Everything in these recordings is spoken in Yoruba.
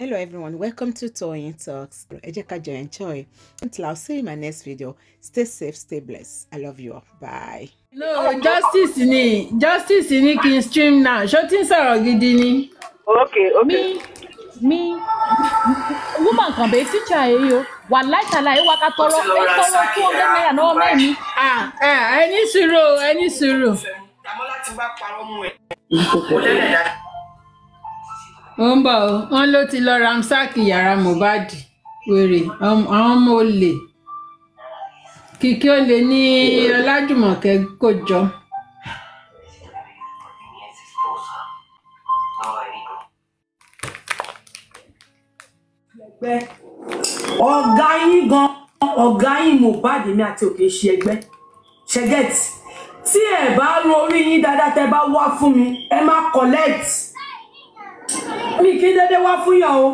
hello everyone welcome to Toyeen Talks ẹ jẹ́ ká enjoy until i'll see you in my next video stay safe stay blessed i love you all bye. no justice ni justice ni kí stream now ṣó tí ń sọ̀rọ̀ gidi ni. ok ok mi mi woman kan bẹ́ẹ̀ tíjà èyí o wà láìsàlà yìí wà ká tọrọ ẹ e tọrọ two hundred naira náà mẹ́rin. Ah, ah, ẹni sùúrù ẹni sùúrù. ìyá ọmọ láti wá parọ́ mú ẹ ó ń bọ̀ ó wọn ló ti lọ ramsack yàrá Mohbad wèrè àwọn ọmọ olè kìkì olè ní Ọlájùmọ̀kẹ́ kò jọ. ọ̀gá yín gan ọ̀gá yín Mohbad mi àti òkè ṣe ẹgbẹ́ ṣẹgẹ́tì tí ẹ bá ro orí yín dáadáa tẹ bá wá fún mi ẹ má collect mi kì í dédé wá fún yàn o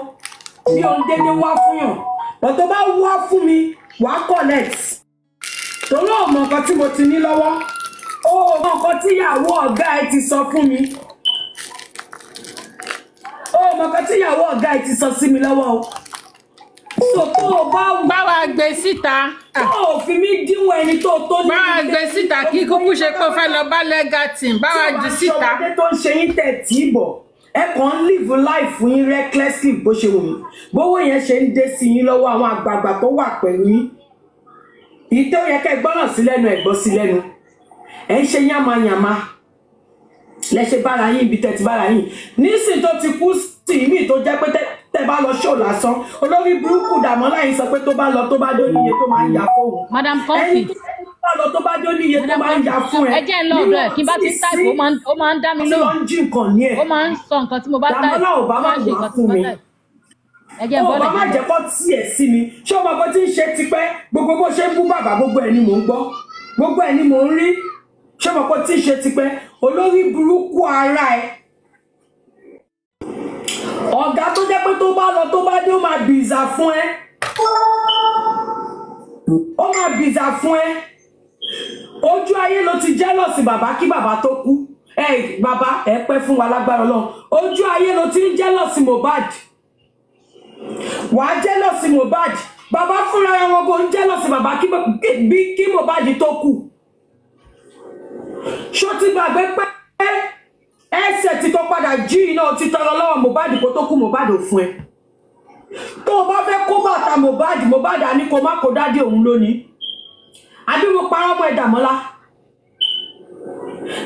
mi ò ń dédé wá fún yàn bọ̀ tó bá wá fún mi wà á collect torí ò mọ nǹkan tí mo ti ní lọ́wọ́ ó mọ nǹkan tíyàwó ọ̀gá ẹ ti sọ fún mi ó mọ nǹkan tíyàwó ọ̀gá ẹ ti sọ sí mi lọ́wọ́ o so tó o bá wù. bá wa gbé síta. tó o fi mí díwọ̀n ẹni tó tó ní. bá wa gbé síta kí kúkú ṣe pé o fẹ́ lọ bá lẹ́gàtì bá wa jù síta. tí o bá dé tó ń ṣe yín tẹ̀ tí bọ̀ ẹ kàn ń live life yín recklessly bó ṣe wù yín bówó yẹn ṣe ń dé sí yín lọ́wọ́ àwọn àgbààgbà tó wà pẹ̀lú yín ìtẹ́ yẹ kẹ́ gbọ́ràn sí lẹ́nu ẹ̀gbọ́ sí lẹ́nu ẹ̀ ń ṣe yàmàyàmà lẹ́ṣẹ̀ bára yín ibi tẹ̀tí bára yín nísìn tó ti kú sí ìmí tó jẹ́ pé tẹ́ bá lọ ṣó lásán olórí burúkú Dàmọ́lá yìí sọ pé tó bá lọ tó bá dóníye tó máa ń yà fóun. Madam Comfy bá lọ tó bá jó ní iye tó máa ń ya fún ẹ. ẹ jẹ́ ń lọ ọ̀dọ̀ ẹ̀ kí n bá ti táìpù ó máa ń dá mi lóhùn. ó máa ń jí nǹkan ní ẹ̀. ó máa ń sọ nǹkan tí mo bá táìpù. dàmọ́lá ò bá má lò wá fún mi. ẹ jẹ́ ń bọ́ lẹ́yìn. ó bá má jẹ́ kó tiẹ̀ sí mi ṣé ọmọ kan ti ń ṣe tipẹ́ gbogbo bó ṣe ń bú bàbá gbogbo ẹ̀ ni mò ń gbọ́ gbogbo ẹ̀ ni mò ń rí ṣé ọmọ kan ti ń ṣe tipẹ́ olórí burúkú ara ẹ̀ ọ̀gá tó jẹ́ pé tó bá lọ tó bá dé ó máa bìzà fún ẹ ó máa bìzà fún ẹ ojú ayé ló ti jẹ́lọ̀sì bàbá kí bàbá tó kú ẹ bàbá ẹ pẹ́ fún wa lágbára ọlọ́run ojú ayé ló ti ń jẹ́lọ̀sì Mohbad wàá jẹ́lọ̀sì Mohbad bàbá fúnra wọn kò ń jẹ́lọ̀sì bàbá bí kí Mohbad tó kú ṣó ti gbàgbé pé ẹsẹ̀ ti tó padà jí iná ti tọrọ lọ́wọ́ Mohbad kó tó kú Mohbad ò fún ẹ tó o bá fẹ́ kó bàtà Mohbad Mohbad á ní kó má kó dádì òun lónìí àbí mo parọ́ ọmọ ẹ Dàmọ́lá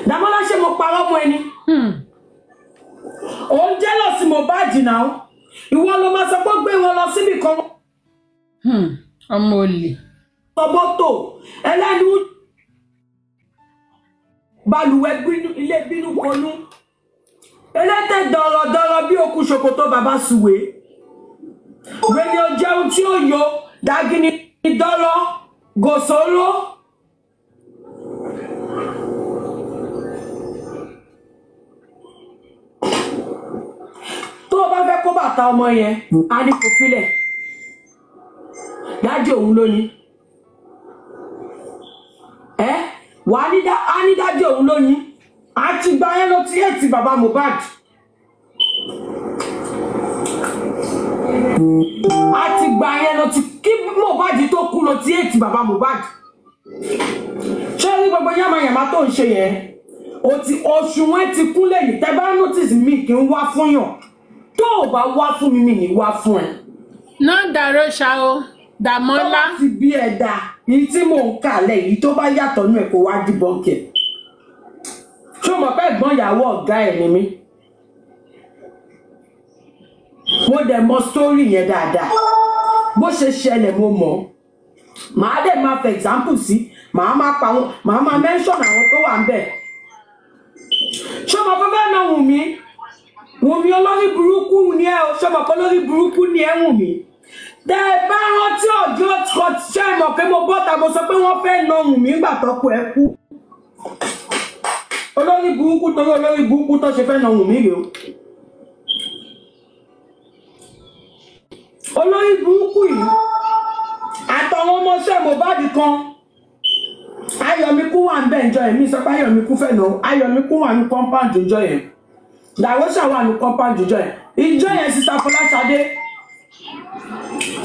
Dàmọ́lá ṣé mo parọ́ ọmọ ẹ ni òun jẹ́ lọ sí Mohbad náà ìwọ ló máa sọ pé gbé wọn lọ síbì kan. Hmm. ọmọ olè. tọbọtò ẹlẹ́nu balùwẹ̀ ilé bínú kọnú ẹlẹ́tẹ̀ dọ̀rọ̀dọ̀rọ̀ bí okùn ṣòkòtò bàbá sùwé wẹ́ni ọjẹun tí ó yọ dàgínní dọ́rọ́. Go solo. Tó o bá fẹ́ kó bàtà ọmọ yẹn, á ní kó filẹ̀. Dájú òun ló ní. Ẹ wàá ní dájú òun ló ní. Àtìgbà yẹn ló ti ẹ̀ ti bàbá Mohbad. àti gbà yẹn lọ ti kí Mohbad tó kú lọ ti ètì bàbá Mohbad ṣé ní gbogbo yàmàyàmà tó ń ṣe yẹn o ti òṣùwọ̀n ti kú lẹ́yìn tẹ́ bá notice mi kì í wá fún yàn tó o bá wá fún mi mi ní wá fún ẹ. náà dàrọ ṣá o dàmọ́lá. tó ti bí ẹ̀dá yìí tí mò ń kà lẹ́yìn tó bá yàtọ̀ nù ẹ̀ kó wá dìbọn kẹ̀. ṣé o mọ̀ pé ẹ̀gbọ́n ìyàwó ọ̀gá ẹ̀ ni mí mo dẹ̀ mọ story yẹn dáadáa bó ṣe ṣẹlẹ̀ mo mọ̀ màá dẹ̀ máa fẹ́ example sí màá máa pa wọn màá máa mention àwọn tó wà ń bẹ̀ ṣọmọ fẹ́fẹ́ náà wù mí wù mí olórí burúkú ni ẹ o ṣọmọ pé olórí burúkú ni ẹ wù mí tẹ ẹ bá rántí ọjọ́ kan ṣe é mọ̀ pé mo bọ́ta mo sọ pé wọ́n fẹ́ na wù mí gbà tọ́kù ẹ kú olórí burúkú torí olórí burúkú tó ṣe fẹ́ na wù mí rèé o. olórí burúkú yìí àtọwọn ọmọọṣẹ́ Mohbad kan ayọ̀míkú wà ń bẹ̀ ǹjọ́ yẹn mi sọ pé ayọ̀míkú fẹ́ nà ayọ̀míkú wà ní compound ǹjọ́ yẹn dàwọ́sà wà ní compound ǹjọ́ yẹn ìjọ́ yẹn sísá fọláṣadé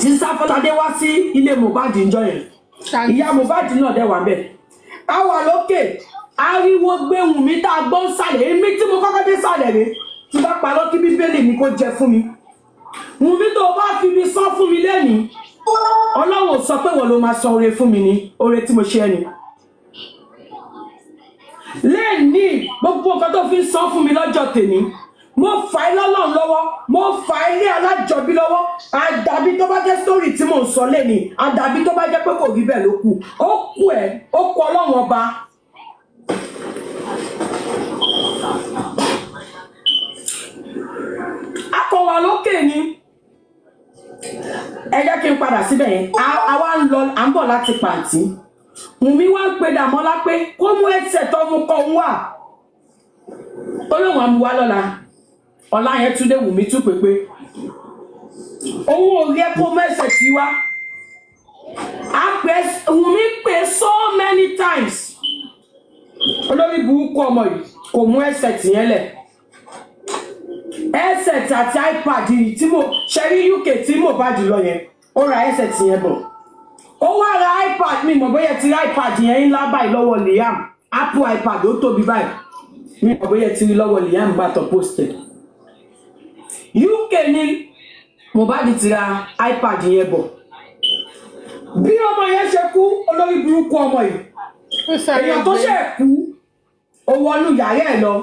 sísá fọláṣadé wá sí ilé Mohbad ǹjọ́ yẹn ìyá Mohbad náà dẹ̀ wà bẹ̀ a wà lókè ariwo gbẹ̀hùn mi tá a gbọ́ ń sàlẹ̀ èmi tí mo kọ́kọ́ dé sàlẹ̀ rè tí bá pa lọ́kí bíbélì mi kó jẹ fún mi. Wùmí tó bá fi mi sán fún mi lẹ́nìí ọlọ́run sọ pé wọ́n ló máa san oore fún mi ní oore tí mo ṣe ẹni lẹ́ẹ̀ni gbogbo nǹkan tó fi ń san fún mi lọ́jọ́ tèmi mo fà á lọ́lọ́run lọ́wọ́ mo fà á ilé alájọbí lọ́wọ́ àdàbí tó bá jẹ́ sórí tí mò ń sọ lẹ́ni àdàbí tó bá jẹ́ pé kò rí bẹ́ẹ̀ ló kù ó kù ẹ́ ó kù ọlọ́run ọba wà lókè ni ẹ jẹ́ kí n padà síbẹ̀ yẹn àwa ń lọ à ń bọ̀ láti pàǹtí Wùnmí wá ń pe Dàmọ́lá pé kó mú headset ọmọ kan wà ó lóun àmúwá lọ́la ọ̀la yẹn tún dé Wùnmí tún pépé òun ò rí ẹkọ mẹsẹ̀ sí wa Wùnmí pè so many times olórí burúkú ọmọ yìí kò mú headset yẹn lẹ̀ headset àti ipad tí mo ṣe rí uk tí Mohbad lọ yẹn ó ra headset yẹn bọ̀ ó wá ra ipad mi mọ̀ bóyá ti ra ipad yẹn ńlá báyìí lọ́wọ́ Liam apple ipad ó tóbi báyìí mi mọ̀ bóyá ti rí lọ́wọ́ Liam gbà tó posted uk ni Mohbad ti ra ipad yẹn bọ̀ bí ọmọ yẹn ṣe kú olórí burúkú ọmọ yìí èèyàn tó ṣe kú ó wọnú yàrá ẹ̀ lọ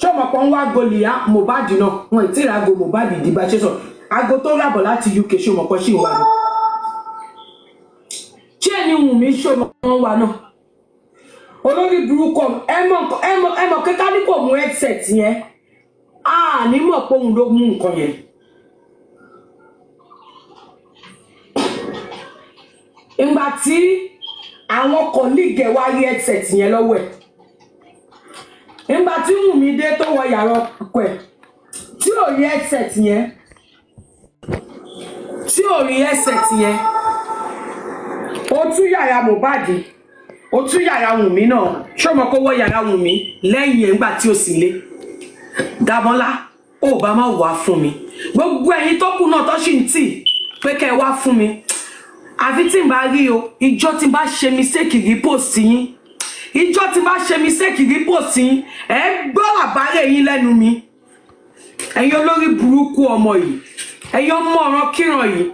ṣọ́mọ̀ kan wá gòlì á Mohbad náà wọn ti ra ago Mohbad ìdìbà ṣe sọ ago tó ràbọ̀ láti UK ṣọ́mọ̀ kan ṣì wà náà ṣé ẹni wù mí ṣọ́mọ̀ kan wà náà olórí burúkọ ẹmọ kíkà ní kò mú headset yẹn a ní mọ̀ pé òun ló mú nǹkan yẹn. ìgbà tí àwọn kọ̀ọ̀lì gẹ̀ wá rí headset yẹn lọ́wọ́ ẹ̀ nígbà tí Wùnmí dé tó wọ yàrá ọkọ ẹ̀ tí ò rí headset yẹn tí ò rí headset yẹn ó tú yàrá Mohbad ó tú yàrá Wùnmí náà ṣọmọ kó wọ yàrá Wùnmí lẹ́yìn ẹ̀ ńgbà tí ó sì lé Dámọ́lá ó bá má wà fún mi gbogbo ẹ̀yin tó kù náà tó ṣì ń tì pé kẹ́ ẹ wá fún mi àfi tí n bá rí o ìjọ tí n bá ṣe mistake rí post yín ìjọ tí bá ṣe mi sẹ́ẹ̀kì dípò sí ẹ gbọ́ àbárẹ̀ yín lẹ́nu mi ẹ̀yin olórí burúkú ọmọ yìí ẹ̀yin ọmọ ọ̀ràn kíran yìí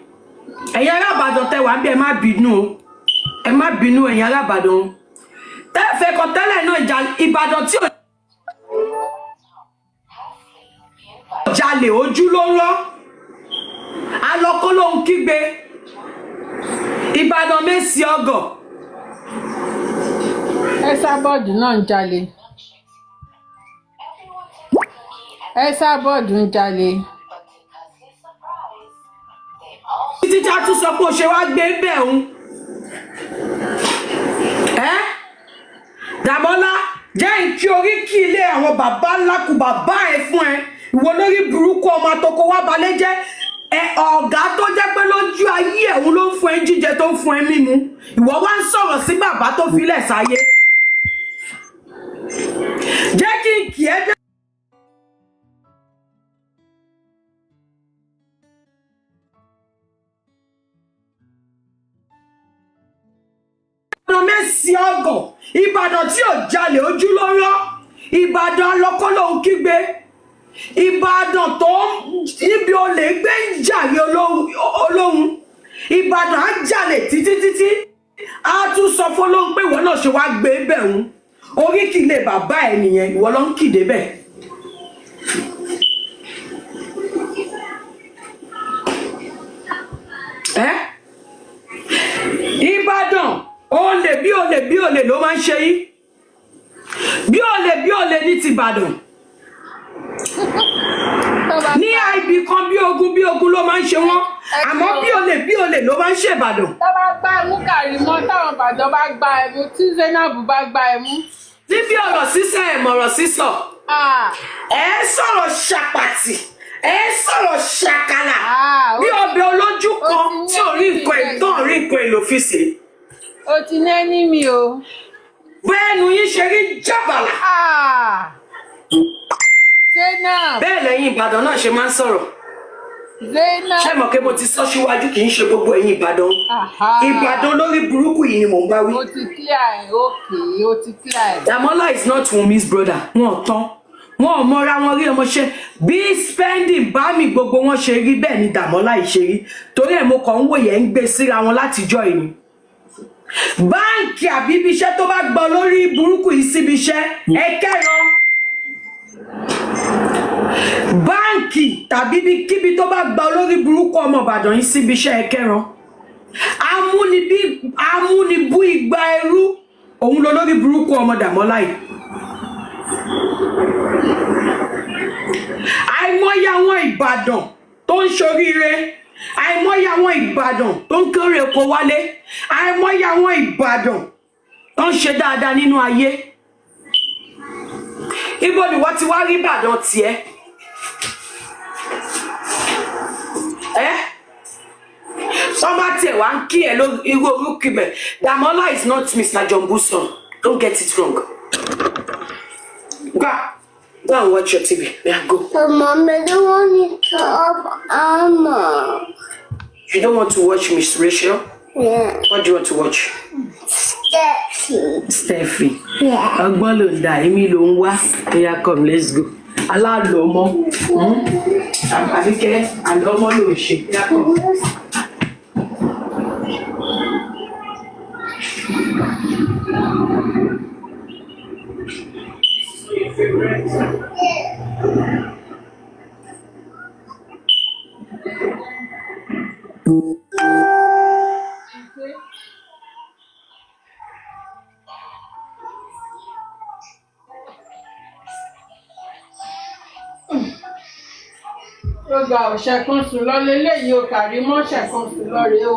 ẹ̀yin arábàdàn tẹ wà bí ẹ má bínú o ẹ má bínú ẹ̀yin arábàdàn tẹ́ẹ̀fẹ́ kan tẹ́lẹ̀ náà ìjà ìbàdàn tí ò jalè ojú ló rán alọ́kọ́ ló ń kígbe ìbàdàn mẹ́sì ọgọ̀. Esabod náà ń jalè Esabod ń jalè. títí tá a tún sọ pé o ṣe wá gbé bẹ́ẹ̀ ń ẹ́ Dàmọ́lá jẹ́ ìkí orí kí ilé àwọn bàbá ńlá kù bàbá ẹ̀ fún ẹ ìwọ lórí burúkú ọmọ àtọkọ wa balẹ̀ jẹ́ ẹ ọ̀gá tó jẹ́ pé lójú ayé ẹ̀hún ló ń fún ẹ jíjẹ tó ń fún ẹ mímu ìwọ wá ń sọ̀rọ̀ sí bàbá tó filẹ̀ sáyé líǹkì ẹ dá. sí ọgàn ìbàdàn tí ò jalè ojúlọ́rọ́ ìbàdàn alọ́kọ́lọ́ òkígbe ìbàdàn tó níbi olè gbé ń jàre olóhun ìbàdàn á jalè títí títí á tún sọ fọlọ́hún pé ìwọ náà ṣe wá gbé bẹ̀rùn oríkì lè bàbá ẹ nìyẹn ìwọ ló ń kìdé bẹ́ẹ̀. Eh? Ìbàdàn olè bí olè bí olè ló máa ń ṣe yìí bí olè bí olè ní ti Ìbàdàn ní ibi kan bí ogun bí ogun ló máa ń ṣe wọn àmọ́ bí olè bí olè ló máa ń ṣe Ìbàdàn. tó bá gbá ẹmú kàrí mọ́ táwọn Ìbàdàn bá gbá ẹmú tí Zainab bá gbá ẹmú níbi ọ̀rọ̀ sísọ ẹ̀mọ̀rọ̀ sísọ ẹ sọ̀rọ̀ ṣàpàtì ẹ sọ̀rọ̀ ṣàkàlà bí ọbẹ̀ olójú kan tí ò rí nǹkan tó ń rí nǹkan èlò fi sè. o ti ní ẹni mi o. bẹ́ẹ̀nu yín ṣe rí jábàlà. bẹ́ẹ̀ lẹ́yìn Ìbàdàn náà ṣe máa ń sọ̀rọ̀. Zena, ṣé mọ̀ pé mo ti sọ síwájú kì í ṣe gbogbo ẹ̀yin Ìbàdàn Ìbàdàn lórí burúkú yìí ni mò ń bá wí. o ti clear ẹ òkè o ti clear ẹ. Damola is not Wunmi's brother wọn tán wọn ò mọra wọn rí ọmọ ṣe bí spending bá mi gbogbo wọn ṣe rí bẹ́ẹ̀ ni Damola ṣe rí torí ẹ̀ mo kàn ń wòye ń gbé síra wọn látijọ́ ìní báǹkì àbíbiṣẹ́ tó bá gbọ́ lórí burúkú yìí síbiṣẹ́ ẹ kẹ́ran báǹkì tàbí kíbi tó bá gba olórí burúkú ọmọ Ìbàdàn yìí síbi iṣẹ́ ẹkẹran amúnibú igba ẹrú òun lolórí burúkú ọmọ Dàmọ́lá yìí àìmọye àwọn Ìbàdàn tó ń ṣoríire àìmọye àwọn Ìbàdàn tó ń kéré oko wálé àìmọye àwọn Ìbàdàn tó ń ṣe dáadáa nínú ayé ibo ni wọ́n ti wá rí Ìbàdàn tiẹ̀ ẹ sọmá tiẹ̀ wá ń kí ẹ lórí irú Damola is not Mr. Jumbo son don't get it wrong go go and watch your TV yeah, go. but mom i don't want to chop armor. you don't want to watch Miss Rachel. Yeah. What do you want to watch? Steffi. Steffi. Yeah. Ọgbọ́n ló ń da, èmi ló ń Here come, let's go aláàlọ́mọ́ hmm? àbíkẹ́ àlọ́mọ́ ló ń ṣe yàtọ̀. Thank you. tó gba ọ̀sẹ̀ kan sùn lọ leléyìí o kàrí mọ́ ọ̀sẹ̀ kan sùn lọ o.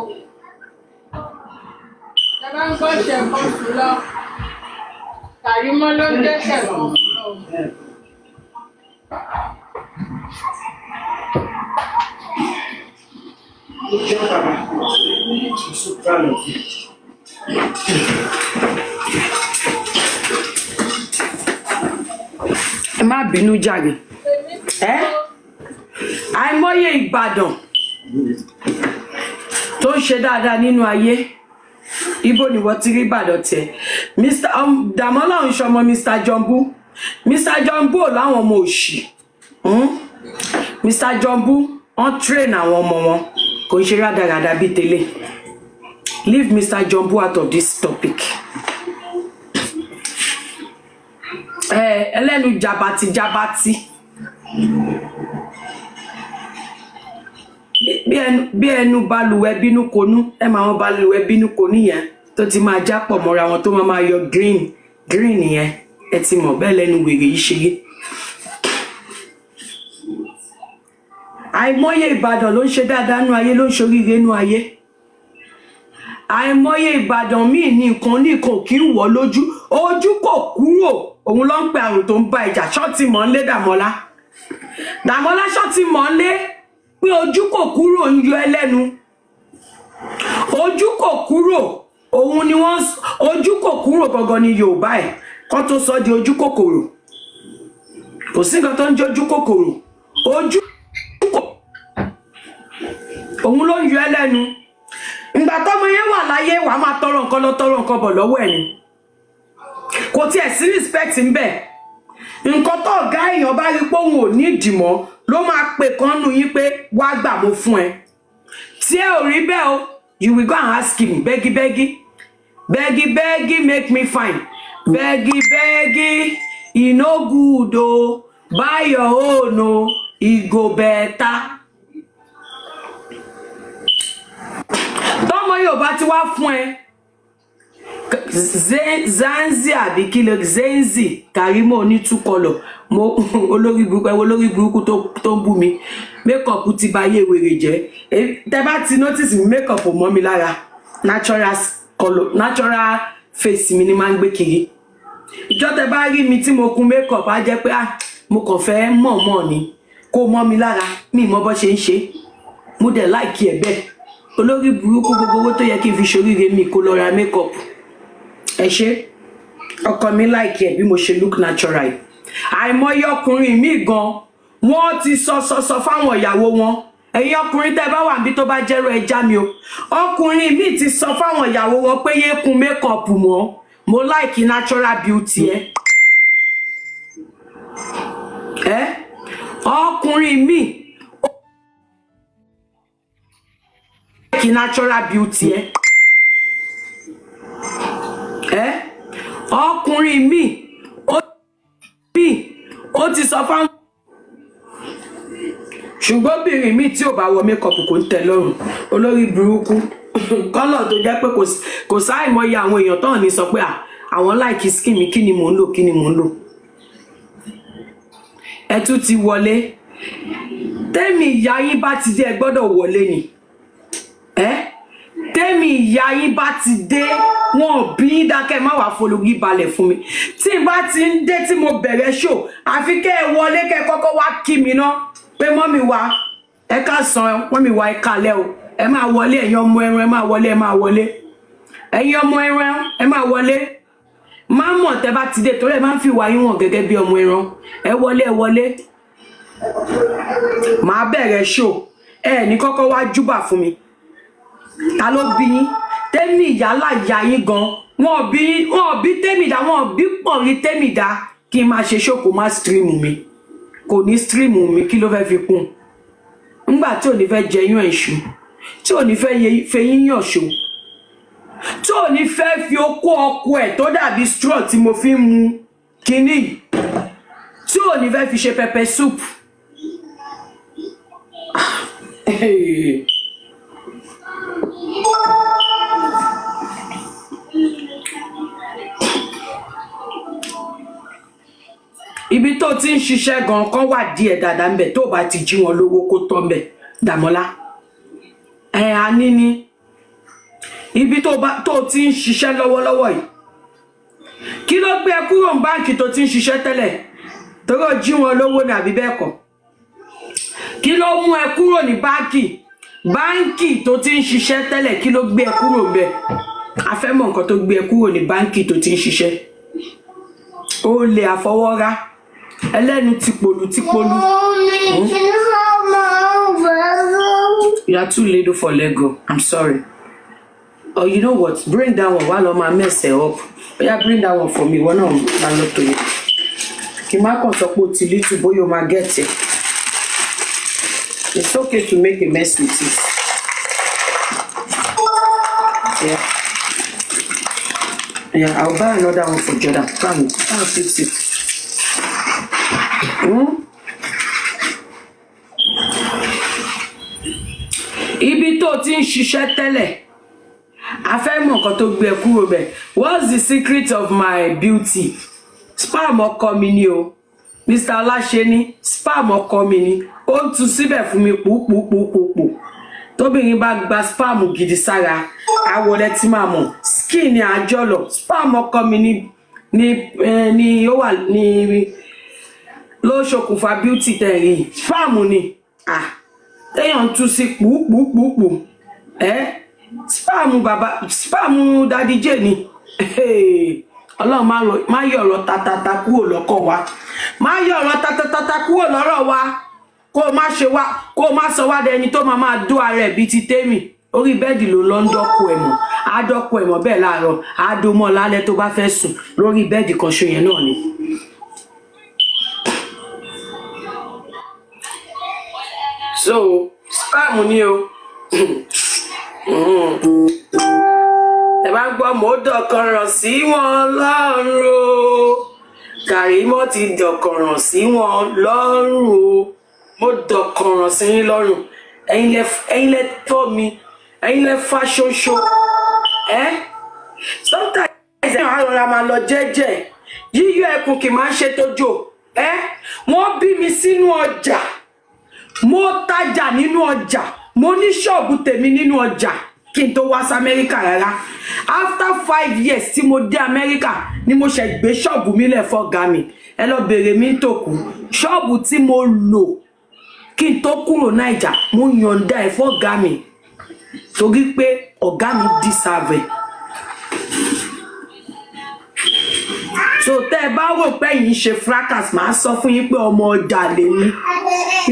ẹ bá ń gbọ́ ọ̀sẹ̀ kan sùn lọ kàrí mọ́ ló ń dẹ́sẹ̀ kan sùn lọ. ẹ má bínú jàre. ẹ àìmọye ìbàdàn tó ń ṣe dáadáa nínú ayé ibo nìwọ ti rí ìbàdàn tiẹ um, dàmọ́lá ń ṣọmọ mr Jumbo. mr jọmbú ò láwọn ọmọ òṣì hmm? mr Jumbo, wọn train àwọn ọmọ wọn kò ń ṣe rádaràda bíi tẹ́lẹ̀ leave mr Jumbo out of this topic. Eh, ẹlẹ́nu jabati jabati bí ẹnu balùwẹ̀ bínú konú ẹ máa wọn balùwẹ̀ bínú konú yẹn tó ti máa já pọ̀ mọ́ra wọn tó máa máa yọ green green yẹn ẹ ti mọ̀ bẹ́ẹ̀ lẹ́nu wèrè yìí ṣe yé. àìmọye ìbàdàn ló ń ṣe dáadáa nú ayé ló ń ṣoríire nú ayé àìmọye ìbàdàn míì ní nǹkan ní nǹkan kì í wọ̀ lójú ojú kò kúrò òun ló ń pe àrùn tó ń bá ìjà ṣọ́ọ̀tì mọ́ ń lé dàmọ́lá dàmọ́lá ṣọ́ọ̀tì mọ́ ń lé. pé ojú kò kúrò ń yọ ẹlẹ́nu ojú kò ni wọ́n ojú kò kúrò ni Yorùbá ẹ̀ tó sọ di ojú kòkòrò kò sí nǹkan tó ń jẹ́ ojú kòkòrò ojú òun ló ń yọ ẹlẹ́nu ìgbà tọ́mọ wà láyé wàá máa tọrọ nǹkan lọ tọrọ nǹkan bọ̀ lọ́wọ́ ẹ̀ ni kò tiẹ̀ sí respect ń bẹ̀ nǹkan ọ̀gá èèyàn bá rí pé òun ló máa pè kan nù yín pé wá gbà mo fún ẹ tí ẹ ò rí bẹ́ẹ̀ o you will go and ask him Beggy, beggy, beggy, beggy, make me fine Beggy, beggy, e no good o buy your own o e go better. tọ́mọ Yorùbá ti wá fún ẹ zanzi àbí kílò Zanzi, karimo ní two color mo olórí burúkú ẹwọ olórí burúkú tó ń bú mi makeup ti ba ayé wèrè jẹ tẹ bá ti notice mi makeup ò mọ́ mi lára natural color natural face mi ni máa ń gbé kiri ìjọ tẹ bá rí mi tí mo kun makeup á jẹ pé ah, mo kàn fẹ́ mọ̀ọ́mọ̀ ni kó mọ́ mi lára mi mọ́ bọ́ ṣe ń ṣe mo dẹ̀ láìkí ẹ̀ bẹ́ẹ̀ olórí burúkú gbogbo owó tó yẹ kí n fi ṣoríire mi kó lọ ra makeup ẹ ṣe ọkọ mi láìkí ẹ bí mo ṣe look natural àìmọye ọkùnrin mi gan wọ́n ti sọ sọ sọ fáwọn ìyàwó wọn ẹ̀yin ọkùnrin tẹ́ bá wà níbi tó bá jẹ́rọ ẹja mi o ọkùnrin mi ti sọ fáwọn ìyàwó wọn pé yé kun mékọ̀pù mọ́ mo láìkí natural beauty ẹ ẹ ọkùnrin mi ó láìkí natural beauty ẹ. Eh? ẹ ọkùnrin mi ó ti sọ fáwọn ṣùgbọ́n obìnrin mi tí ò bá wọ mékọ̀pù kò ń tẹ́ lọ́rùn olórí burúkú kọ́lọ̀ tó jẹ́ pé kò sáìmọye àwọn èèyàn tán ní sọ pé àwọn láìkí skin mi kí ni mò ń lò kí ni mò ń lò ẹ tún ti wọlé tẹ́mi ìyá yín bá ti dé ẹ gbọ́dọ̀ wọlé ni ẹ́ eh? tẹ́mi ìyá yín bá ti dé wọn ò bí yín dákẹ́ má wàá fológí balẹ̀ fún mi tí n bá ti ń dé tí mo bẹ̀rẹ̀ ṣò àfi kẹ́ ẹ wọlé kẹ́ ẹ wá kí mi ná pé mọ́mi wa ẹ ká san mọ́mi wa ẹ kalẹ̀ o ẹ máa wọlé ẹ̀yin ọmọ ẹran ẹ máa wọlé ẹ máa wọlé ẹ̀yin ọmọ ẹran ẹ máa wọlé máa mọ̀ tẹ́ bá ti dé torí ẹ máa ń fi wà yín wọ̀n gẹ́gẹ́ bí ọmọ ẹran ẹ wọlé ẹ wọlé màá bẹ̀rẹ̀ ṣò ẹ ní kọ́kọ́ wá júbà fún mi ta ló bí yín tẹ́mì ìyálà ìyá yín gan wọn bí wọn bí tẹ́mì dá wọn bí pọ̀ rí tẹ́mì dá kí n máa ṣe ṣòkò má stream mi kò ní stream mi kí ló fẹ́ fi kún nígbà tí ò ní fẹ́ jẹyún ẹ̀ṣù tí ò ní fẹ́ fẹyín yàn ṣò tí ò ní fẹ́ fi okó ọkọ ẹ̀ tó dàbí straw tí mo fi ń mu kínní tí ò ní fẹ́ fi ṣe pepper soup. Ah, ibi tó ti ń ṣiṣẹ́ gan kan wà díẹ̀ dáadáa ń bẹ̀ tó bá ti jí wọn lówó kó tọ́ ń dàmọ́lá ẹ̀ á ní ní ibi tó ti ń ṣiṣẹ́ lọ́wọ́lọ́wọ́ yìí kí ló gbé ẹ kúrò ní báǹkì tó ti ń ṣiṣẹ́ tẹ́lẹ̀ torí ó jí wọn lówó ní àbí bẹ́ẹ̀ kọ́ kí ló mú ẹ kúrò ní báǹkì báńkì tó ti ń ṣiṣẹ́ tẹ́lẹ̀ kí ló gbé ẹ kúrò bẹ́ẹ̀ a fẹ́ mọ̀ nǹkan tó gbé ẹ kúrò ní báńkì tó ti ń ṣiṣẹ́ ó lè àfọwọ́rá ẹlẹ́nu tipolu tipolu. You are too little for Lego. I'm sorry. Oh, you know what? Bring that one while Oma mess it up. Oh, yeah, bring that one for me. One of them, I love to you. Kí má kàn sọ pé o ti little bóyá o máa get It's okay to make a mess with this. Yeah. Yeah, I'll buy another one for Jordan. Come, I'll fix it. Hmm? Ibi tó tin ń ṣiṣẹ́ tẹ́lẹ̀, a fẹ́ mọ̀ nǹkan tó gbé kúrò bẹ̀. What's the secret of my beauty? Spam ọkọ mi ni o mr aláṣẹ ní spam ọkọ mi ni ó ń tu síbẹ̀ fún mi pòpòpòpò tóbìnrin bá gba spam gidi sára àwọlẹ tí máa mọ̀ skin ni àjọlọ spam ọkọ mi ni ni ni ó wà ní ló ṣokùnfà beauty tẹ̀yìn spam ni ah téèyàn ń tu sí pòpòpòpò ẹ spam baba spam dadijé ni ọlọ́run má yọ̀rọ̀ tatata kúrò lọ́kọ̀ wa. ma yọ ọ̀rọ̀ tatatata kúrò lọ́rọ̀ wa kó má ṣe wá kó má sọ wá dẹni tó máa máa dó ara ẹ̀ ti temi orí bẹ́ẹ̀dì ló lọ ń ẹ̀ mọ́ á dọ́kọ ẹ̀ mọ́ bẹ́ẹ̀ láàárọ̀ á tó bá fẹ́ sùn lórí bẹ́ẹ̀dì kan yẹn náà ni. so spam ni o ẹ bá gbọ́ dọ̀kan rọ̀ sí Karimo ti dọ̀kọ̀ràn sí wọn lọ́rùn o mo dọ̀kọ̀ràn sí yín lọ́rùn ẹ̀yin lẹ tọ́ mi ẹ̀yin lẹ fa ṣoṣo ẹ́ sometimes ẹ̀yin àrọ̀ra máa lọ jẹ́jẹ́ yíyọ ẹkùn kì máa ń ṣe tójò ẹ́ wọ́n bí mi sínú ọjà mo tajà nínú ọjà mo ní ṣọ́ọ̀bù tèmi nínú ọjà kí n tó wá sí amẹ́ríkà rárá after five years tí mo dé amẹ́ríkà ni mo ṣe gbé ṣọ́ọ̀bù mi lẹ̀ fọ́gà mi ẹ lọ bèrè mi tòkù ṣọ́ọ̀bù tí mo lò kí n tó kúrò náìjà mo yànda ẹ̀ fọ́gà mi torí pé ọ̀gá mi dísàvẹ̀. so tẹ́ ẹ bá wò pé yìí ṣe fracas màá sọ fún yín pé ọmọ ọjà lèmi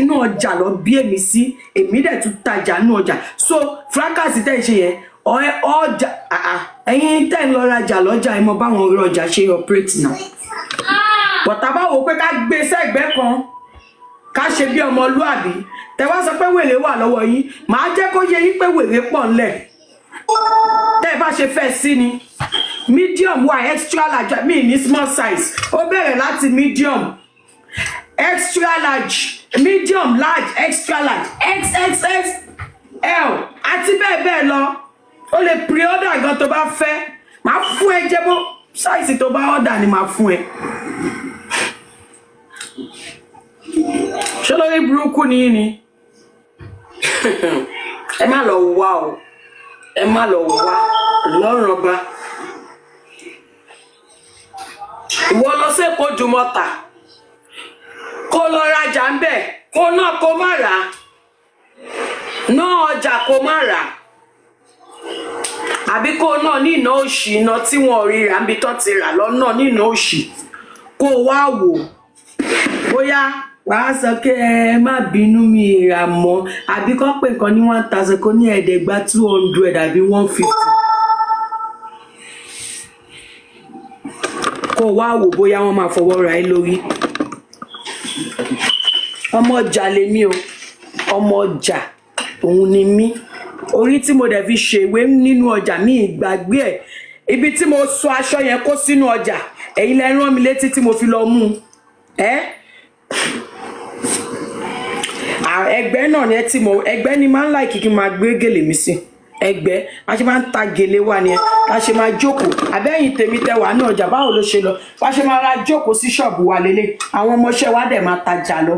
inú ọjà lọ bí èmi sí èmi dẹ̀ tún tajà inú ọjà so fracas tẹ́ ẹ ṣe yẹn ọjà ẹ̀yin tẹ́ ń lọ rajà lọ́jà ẹ mọ báwọn orí ọjà ṣe operate náà bọ̀tà bá wò pé ká gbé sẹ́gbẹ́ kan ká ṣe bí ọmọlúàbí tẹ wá sọ pé wèrè wà lọ́wọ́ yín màá jẹ́ kó yẹ yín pé wèrè pọ̀ ńlẹ̀ tẹ́ ẹ bá ṣe fẹ́ sí ni medium wà extra large mi ní small size ó bẹ̀rẹ̀ láti medium extra large medium large extra large xxxl àti bẹ́ẹ̀ bẹ́ẹ̀ lọ o lè pre-order gan tó bá fẹ́ màá fún ẹ jẹ́ bó size tó bá order ni màá fún ẹ ṣé lórí burúkú ni yín ni ẹ má lọ wá o ẹ má lọ wá lọ́rọ̀ ọba ìwọ lọ sẹ́kọ̀ọ́ dùmọ̀tà kó lọ rajà ń bẹ̀ kó náà kó má rà á náà ọjà kó má rà á àbí kó náà níná òṣì iná tí wọn ò rí rà níbi tán ti rà lọ́nà níná òṣì kó wá wò bóyá wàá sọ pé ẹ má bínú mi ìrà àbí kọ́ pé nǹkan ní one thousand kó ní ẹ̀ẹ́dẹ́gbá two hundred àbí one fifty. kó wá wò bóyá wọ́n máa fọwọ́ ra ẹ lórí ọmọ ọjà lèmi o ọmọ ọjà òun ni mí orí tí mo dẹ̀ fi ṣèwé nínú ọjà mi ìgbàgbé ẹ̀ ibi tí mo sọ aṣọ yẹn kó sínú ọjà ẹ̀yin lẹ rán mi létí tí mo fi lọ mú un ẹ́ ẹgbẹ́ náà ni ẹ ti mọ̀ ẹgbẹ́ ni máa ń láì kíkí máa gbé gèlè mi sí i ẹgbẹ́ bá ṣe máa ń ta gèlè wa ni ẹ bá ṣe máa jókòó àbẹ́yìn tèmi tẹwàá náà ọjà báwo ló ṣe lọ bá ṣe máa ra jókòó sí ṣọ́ọ̀bù wa lélẹ̀ àwọn ọmọọṣẹ́ wa dẹ̀ máa tajà lọ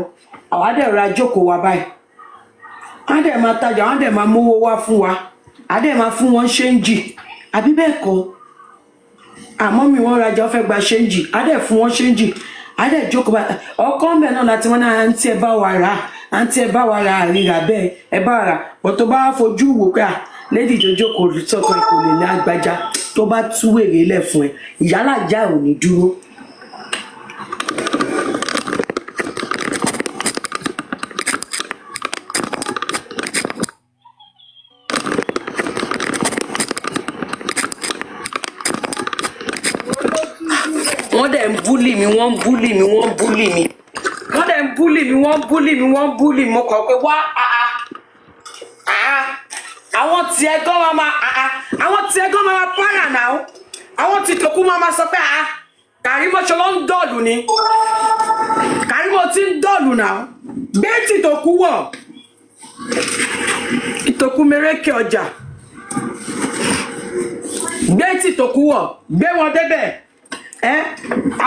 àwa dẹ̀ ra jókòó wa báyìí wọ́n dẹ̀ máa tajà wọ́n dẹ̀ máa mówó wá fún wa á dẹ̀ máa fún wọn ṣéǹjì àbí bẹ́ẹ̀ kọ́ àmọ́ mi wọ́n rajà wọ́n fẹ́ gba ṣéǹjì á dẹ̀ fún wọn ṣéǹjì á dẹ̀ jókòó bá ọkọ́ ń bẹ̀ náà láti wọ́n náà àǹtí ẹ bá wa rà àǹtí ẹ bá wa rà àríra bẹ́ẹ̀ ẹ bá rà bọ́tò bá fojú wò pé à lady jojo kò rí tọkọ ẹ kò lè ní agbájá tó bá tú wèrè lẹ fún ẹ ìyálà já ò ní dúró. wọ́n dẹ̀ ń búlì mi wọ́n ń búlì mi wọ́n ń búlì mi wọ́n dẹ̀ ń búlì mi wọ́n ń búlì mi wọ́n ń búlì mi mo kàn pé wá àwọn tiẹ̀ gan máa máa àwọn tiẹ̀ gan máa mama. para náà àwọn ti tòkú máa máa sọ pé àá ah, Karimo ṣe ló ń dọ̀lù ni Karimo ti ń dọ̀lù náà gbé ti tòkú wọ̀ ìtòkú mérékè ọjà gbé tí tó kú wọ̀ gbé wọn débẹ̀ ẹ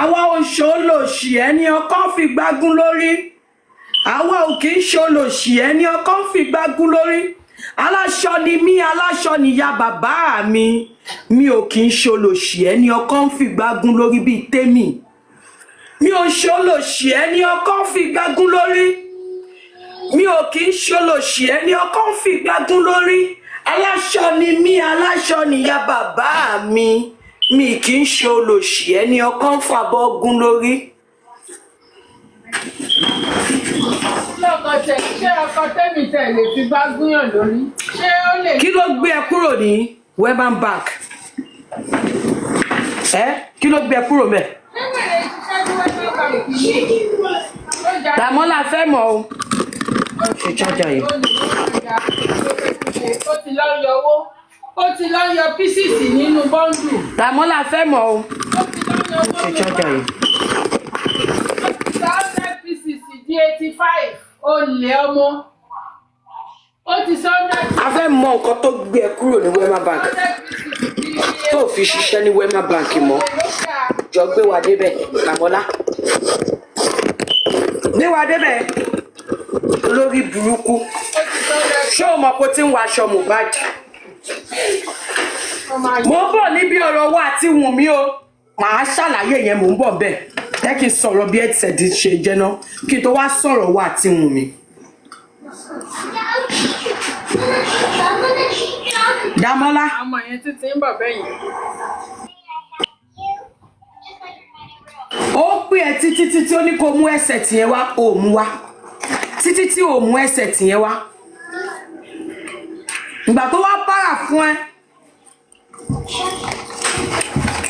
àwa ò ṣòlòṣì ẹni ọkọ fi gbágún lórí àwa ò kì í ṣòlòṣì ẹni ọkọ fi gbágún lórí aláṣọ ni mí aláṣọ níyá bàbá mi mi ò kì í ṣolòṣì ẹni ọkọ ń fìgbágún lórí bíi tèmi mi ò ṣolòṣì ẹni ọkọ ń fìgbágún lórí mi ò kì í ṣolòṣì ẹni ọkọ ń fìgbágún lórí aláṣọ ni mí aláṣọ níyá bàbá mi mi kì í ṣolòṣì ẹni ọkọ ń fàbọ gún lórí kí ló gbé ẹ kúrò ní webam bank ẹ kí ló gbé ẹ kúrò mẹ. Dàmọ́lá fẹ́ mọ̀ o. Ó ti lọ yọ owó. Ó ti lọ yọ písìsì nínú bọ́ńdù. Dàmọ́lá fẹ́ mọ̀ o. Ó ti lọ yọ owó. Ó ṣe eighty five olè ọmọ ó ti sọ ọ́nà. a fẹ́ mọ nǹkan tó gbé ẹ kúrò ní Wema Bank tó fi ṣiṣẹ́ ní Wema Bank mọ́ jọ gbé wa débẹ̀ làmọ́lá gbé wa débẹ̀ lórí burúkú ṣé o mọ̀ pé tí ń wọ aṣọ Mohbad mo bọ̀ níbi ọ̀rọ̀ owó àti wùn mí o màá ṣàlàyé yẹn mò ń bọ̀ bẹ́ẹ̀ jẹ́ kí n sọ̀rọ̀ bí headset ṣe jẹ́ náà kí n tó wá sọ̀rọ̀ wá àti wùn mí. Dámọ́lá. Àmọ̀ yẹn títí ń bọ̀ bẹ́yìn. Ó pè ẹ́ títí títí ó ní kó mú ẹsẹ̀ tìyẹn wá ò mú wá. Títí tí ò mú ẹsẹ̀ tìyẹn wá. Ìgbà tó wá bára fún ẹ.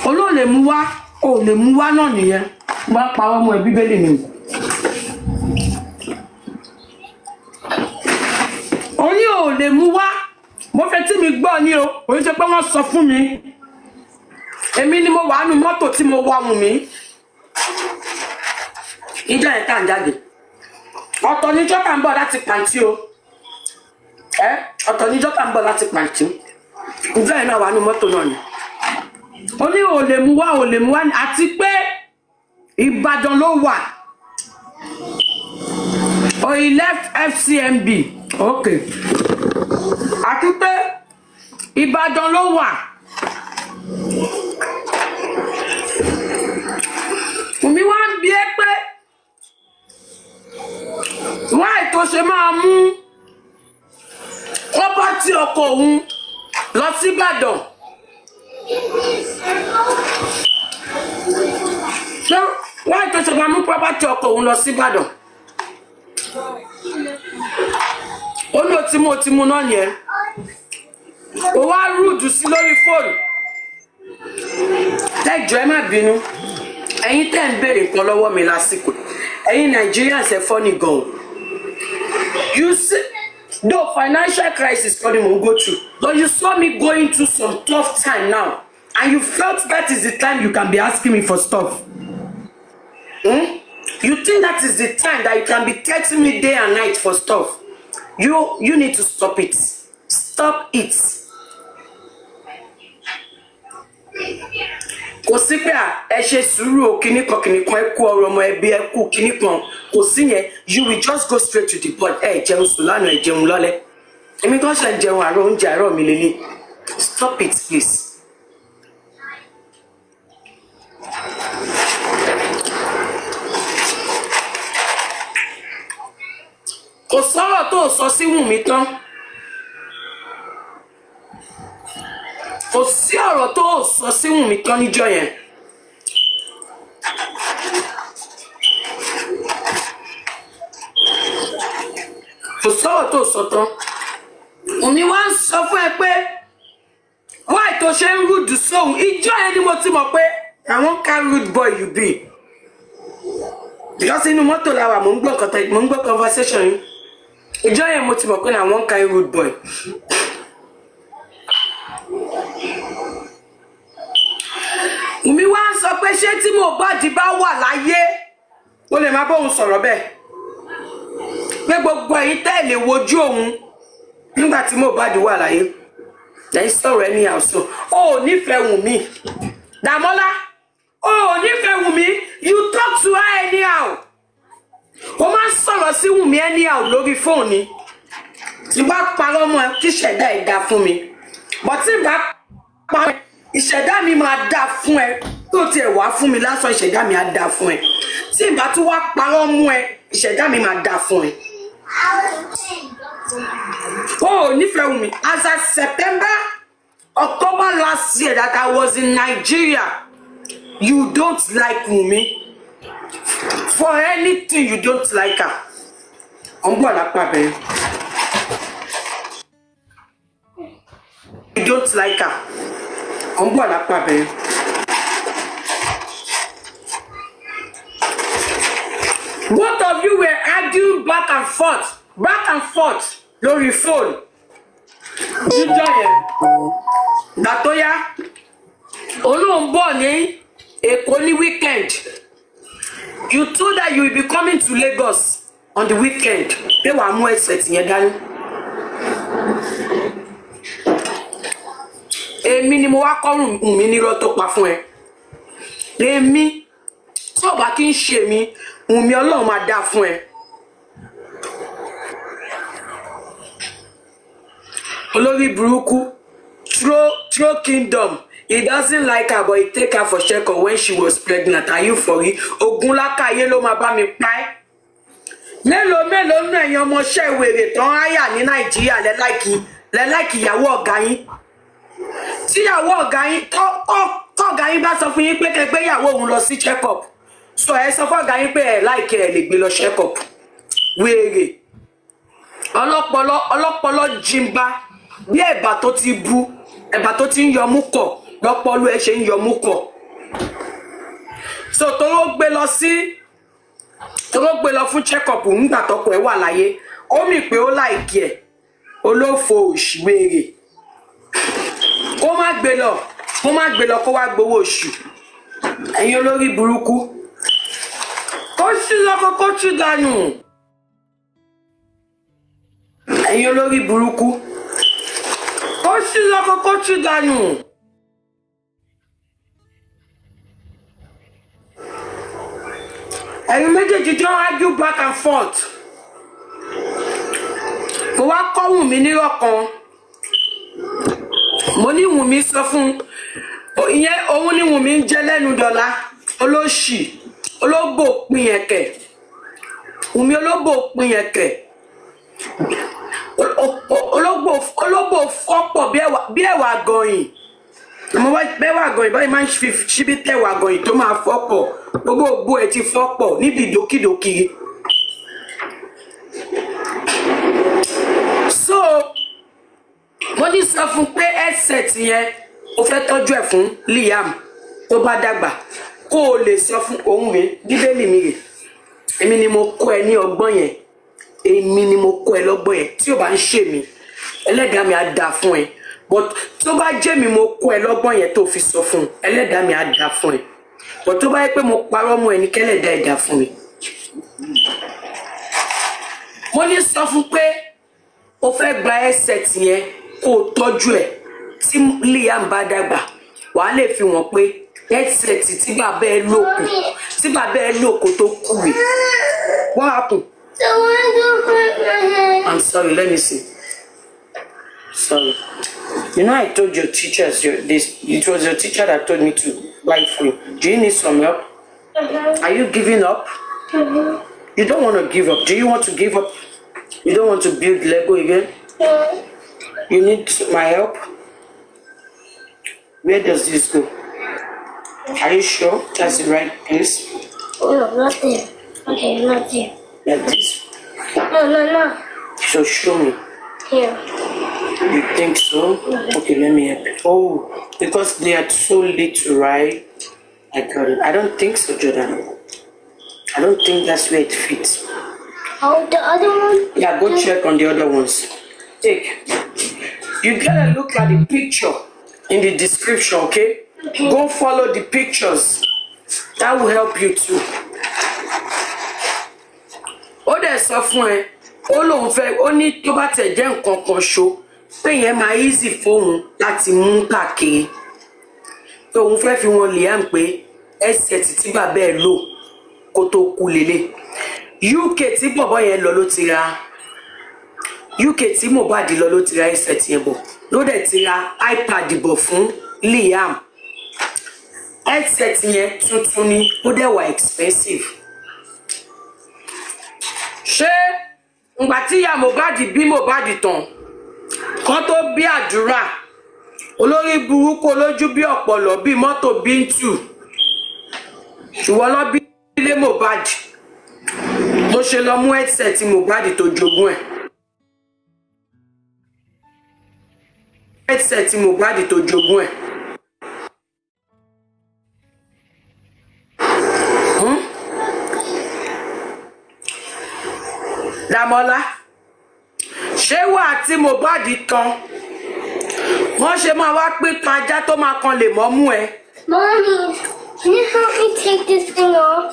Olóòlè mú wá, ò lè mú wá náà nìyẹn wá pa ọmọ ẹ bíbélì mi. oní ò lè mú wá mo fẹ́ tí mi gbọ́ ni o oníṣe pé wọ́n sọ fún mi èmi ni mo wà nù mọ́tò tí mo wà wù mí ìjọ yẹn tá à ń jáde ọ̀tọ̀ níjọ́ tá ń bọ̀ láti pàǹtí o ẹ ọ̀tọ̀ níjọ́ tá à ń bọ̀ láti pàǹtí ìjọ yẹn náà wà nù mọ́tò náà ni ó ò lè mú wá ò lè mú wá àti pé Ìbàdàn ló wà oh he left FCMB okay àti pé Ìbàdàn ló wà Wùmí wá ń bi ẹ́ pé wáì tó ṣe máa mú kọ́bọ́tì ọkọ̀ òun lọ sí Ìbàdàn wọ́n tó ṣe máa mú property ọkọ òun lọ síbàdàn ó ní otimu otimu náà yẹn ó wá rúdù sí lórí fóònù tẹ́jọ́ ẹ má bínú ẹ̀yin tẹ́ ń béèrè nǹkan lọ́wọ́ mi lásìkò ẹ̀yin Nigerians ẹ̀ fọ́ ni gan-an you see though financial crisis kọ́ ni mò ń go through but you saw me going through some tough time now and you felt that is the time you can be asking me for stuff. Hmm? You think that is the time that you can be texting me day and night for stuff? You you need to stop it. Stop it. kò sí pé ẹ ṣe sùúrù o kinní kan kinní kan ẹ kú ọ̀rọ̀ ọmọ ẹbí ẹ kú kinní kan kò sí yẹn you will just go straight to the point ẹ jẹun sùn lánàá ẹ jẹun lọ́lẹ́ èmi kan ṣe ń jẹun àárọ̀ oúnjẹ àárọ̀ mi lélẹ̀ stop it please. kò sọ̀rọ̀ tó sọ sí Wùnmí tán kò sí ọ̀rọ̀ tó sọ sí Wùnmí tán níjọ́ yẹn. kò sọ̀rọ̀ tó sọ tán Wùnmí wá ń sọ fún ẹ pé wáì tó ṣe ń rúdù sóhun ìjọ́ yẹn ni mo ti mọ̀ pé àwọn ká rude boy you be because inú mọ́tò la wà mò ń gbọ́ conversation yìí ìjọ yẹn mo ti mọ̀ pé na one kind rude boy. Wùmí wá ń sọ pé ṣé tí Mohbad bá wà láyé o lè má bóun sọ̀rọ̀ bẹ́ẹ̀ pé gbogbo ẹ̀yin tẹ́ lè wojú òun nígbà tí Mohbad wà láyé lẹ́yìn sọ̀rọ̀ ẹni àwòsàn o ò nífẹ̀ẹ́ Wùmí Dàmọ́lá o ò nífẹ̀ẹ́ Wùmí you talk to her anyhow ó máa ń sọ̀rọ̀ sí wùmí ẹni àwọn lórí fóònù ni tí bá parọ́ mọ́ ẹ kí ìṣẹ̀dá ẹ̀ dá fún mi bọ́ tí bá parọ́ ìṣẹ̀dá mi máa dá fún ẹ tó tiẹ̀ wá fún mi lásán ìṣẹ̀dá mi á dá fún ẹ tí bá tún wá parọ́ mọ́ ẹ ìṣẹ̀dá mi máa dá fún ẹ. o ò nífẹ̀ẹ́ wùmí as at September October last year that I was in Nigeria you don't like wùmí for anything you don't like her ọ̀n bọ̀ lápá bẹ́ẹ̀. you don't like her ọ̀n bọ̀ lápá bẹ́ẹ̀. both of you were arguing back and forth back and forth lórí phone jíjọ yẹn gbà tó yá olóhùn bọ̀ ní èkó ní weekend you told her you will be coming to Lagos on the weekend They were more ẹsẹ̀ tìyẹn dání. èmi ni mo wá kọ́rùn mi nírọ́ tó pa fún ẹ èmi tí ọba kì í ṣe mi Wùnmí Ọlọ́run máa dá fún ẹ. olórí burúkú throw throw kingdom he doesn't like her but he take her for checkup when she was pregnant are you for it ogun lákàyé ló máa bá mi pa ẹ́ mélòó mélòó nú ẹ̀yin ọmọọṣẹ́ ìwèrè tán áyà ní nàìjíríà lẹ́láìkì lẹ́láìkì ìyàwó ọ̀gá yín tíyàwó ọ̀gá yín tọ́ọ̀gá yín bá sọ fún yín pé kẹgbẹ́ ìyàwó òun lọ sí checkup sọ ẹ sọ fọ́ọ̀gá yín pé ẹ̀ láìkẹ́ ẹ̀ lè gbé lọ checkup wéèrè ọlọ́pọlọ ọlọ́pọlọ jimba bí ẹ̀bà tó ti bu ẹ̀bà tó ti ń yọmú kọ̀ lọ́pọ̀lọ́ ẹ ṣe ń yọ mú so tóró gbé lọ sí tóró gbé lọ fún check up ńgbà tọkọ ẹ wà láyé ó mì pé ó láìkí ẹ olófo òṣìwèrè kó má gbé lọ kó má gbé lọ kó wá gbowó oṣù ẹ̀yin olórí burúkú kó sí ẹ̀yin méjèèjì jọ argue back and forth kò wá kọ́ Wùnmí ní ọ̀kan mo ní Wùnmí sọ fún ìyẹn òun ní Wùnmí ń jẹ lẹ́nu dọ̀la olóṣì olóbò pin ẹ̀kẹ́ Wùnmí olóbò pin ẹ̀kẹ́ olóbò fọ́pọ̀ bí ẹ̀wà gọ̀yìn mo wá mẹ́wàá gan ìbáyìí máa ń fi síbi tẹ̀wàá gan tó máa fọ́pọ̀ gbogbo ògbó ẹ̀ ti fọ́pọ̀ níbi ìdókìdókì. so mo ní sọ fún pé headset yẹn o fẹ́ tọ́jú ẹ̀ fún Liam tó bá dàgbà kó o lè sọ fún òun rè bíbélì mi rè èmi ni mo kọ́ ẹ ní ọgbọ́n yẹn èmi ni mo kọ́ ẹ lọ́gbọ́n yẹn tí o bá ń ṣe mí ẹlẹ́dàá mi á dáa fún ẹ but tó bá jẹ́ mi mo kọ́ ẹ lọ́gbọ́n yẹn tó fi sọ fún ẹlẹ́dàá mi á dá fún ẹ but tó bá yẹ pé mo parọ́ mọ́ ẹni kẹ́lẹ́dàá ẹ̀ dá fún mi. mo ní sọ fún pé o fẹ́ gba headset yẹn kó o tọ́jú ẹ̀ tí Liam bá dàgbà wàá lè fi wọ́n pé headset tí bàbá ẹ lòkù tí bàbá ẹ lòkù tó kù rè what happened? I'm sorry, let me see. So, you know, I told your teachers your, this. It was your teacher that told me to like for you. Do you need some help? Uh-huh. Are you giving up? Uh-huh. You don't want to give up. Do you want to give up? You don't want to build Lego again? No. You need my help? Where does this go? Are you sure that's the right place? Oh, no, not there. Okay, not there. Like this? No, no, no. So show me. Here. You think so? Okay, let me help you. Oh, because they are so little, right? I got it. I don't think so, Jordan. I don't think that's where it fits. Oh, the other one? Yeah, go check on the other ones. Take. You gotta look at the picture in the description, okay? okay. Go follow the pictures. That will help you too. Oh, there's a fún Oh, ó lóun fẹ́, ó ní tó bá tẹ̀ pé yẹn máa easy fóun láti mú káàkiri pé òun fẹ́ fi wọn lè hàn pé ẹsẹ̀ títí bàbá ẹ̀ lò kó tó kú lélẹ̀ UK tí bọ̀bọ̀ yẹn lọ ló ti ra UK tí Mohbad lọ ló ti ra ẹsẹ̀ tiẹ̀ bọ̀ ló dẹ̀ ti ra iPad bọ̀ fún Liam headset yẹn tuntun ni ó dẹ̀ wà expensive ṣé ngbà Mohbad bí Mohbad tán kan tó bí àdúrà olórí burúkú olójú bí ọ̀pọ̀lọ́ bíi mọ́tò bíntù ìwọ lọ bí ilé Mohbad bó ṣe lọ mú headset Mohbad tó jogún ẹ̀ headset Mohbad tó jogún ẹ̀. Hmm? Dàmọ́lá ṣé wà tí Mohbad tan wọ́n ṣe máa wá pín tan ajá tó máa kan lè mọ́ mú ẹ. Mommy, can you help me take this thing off?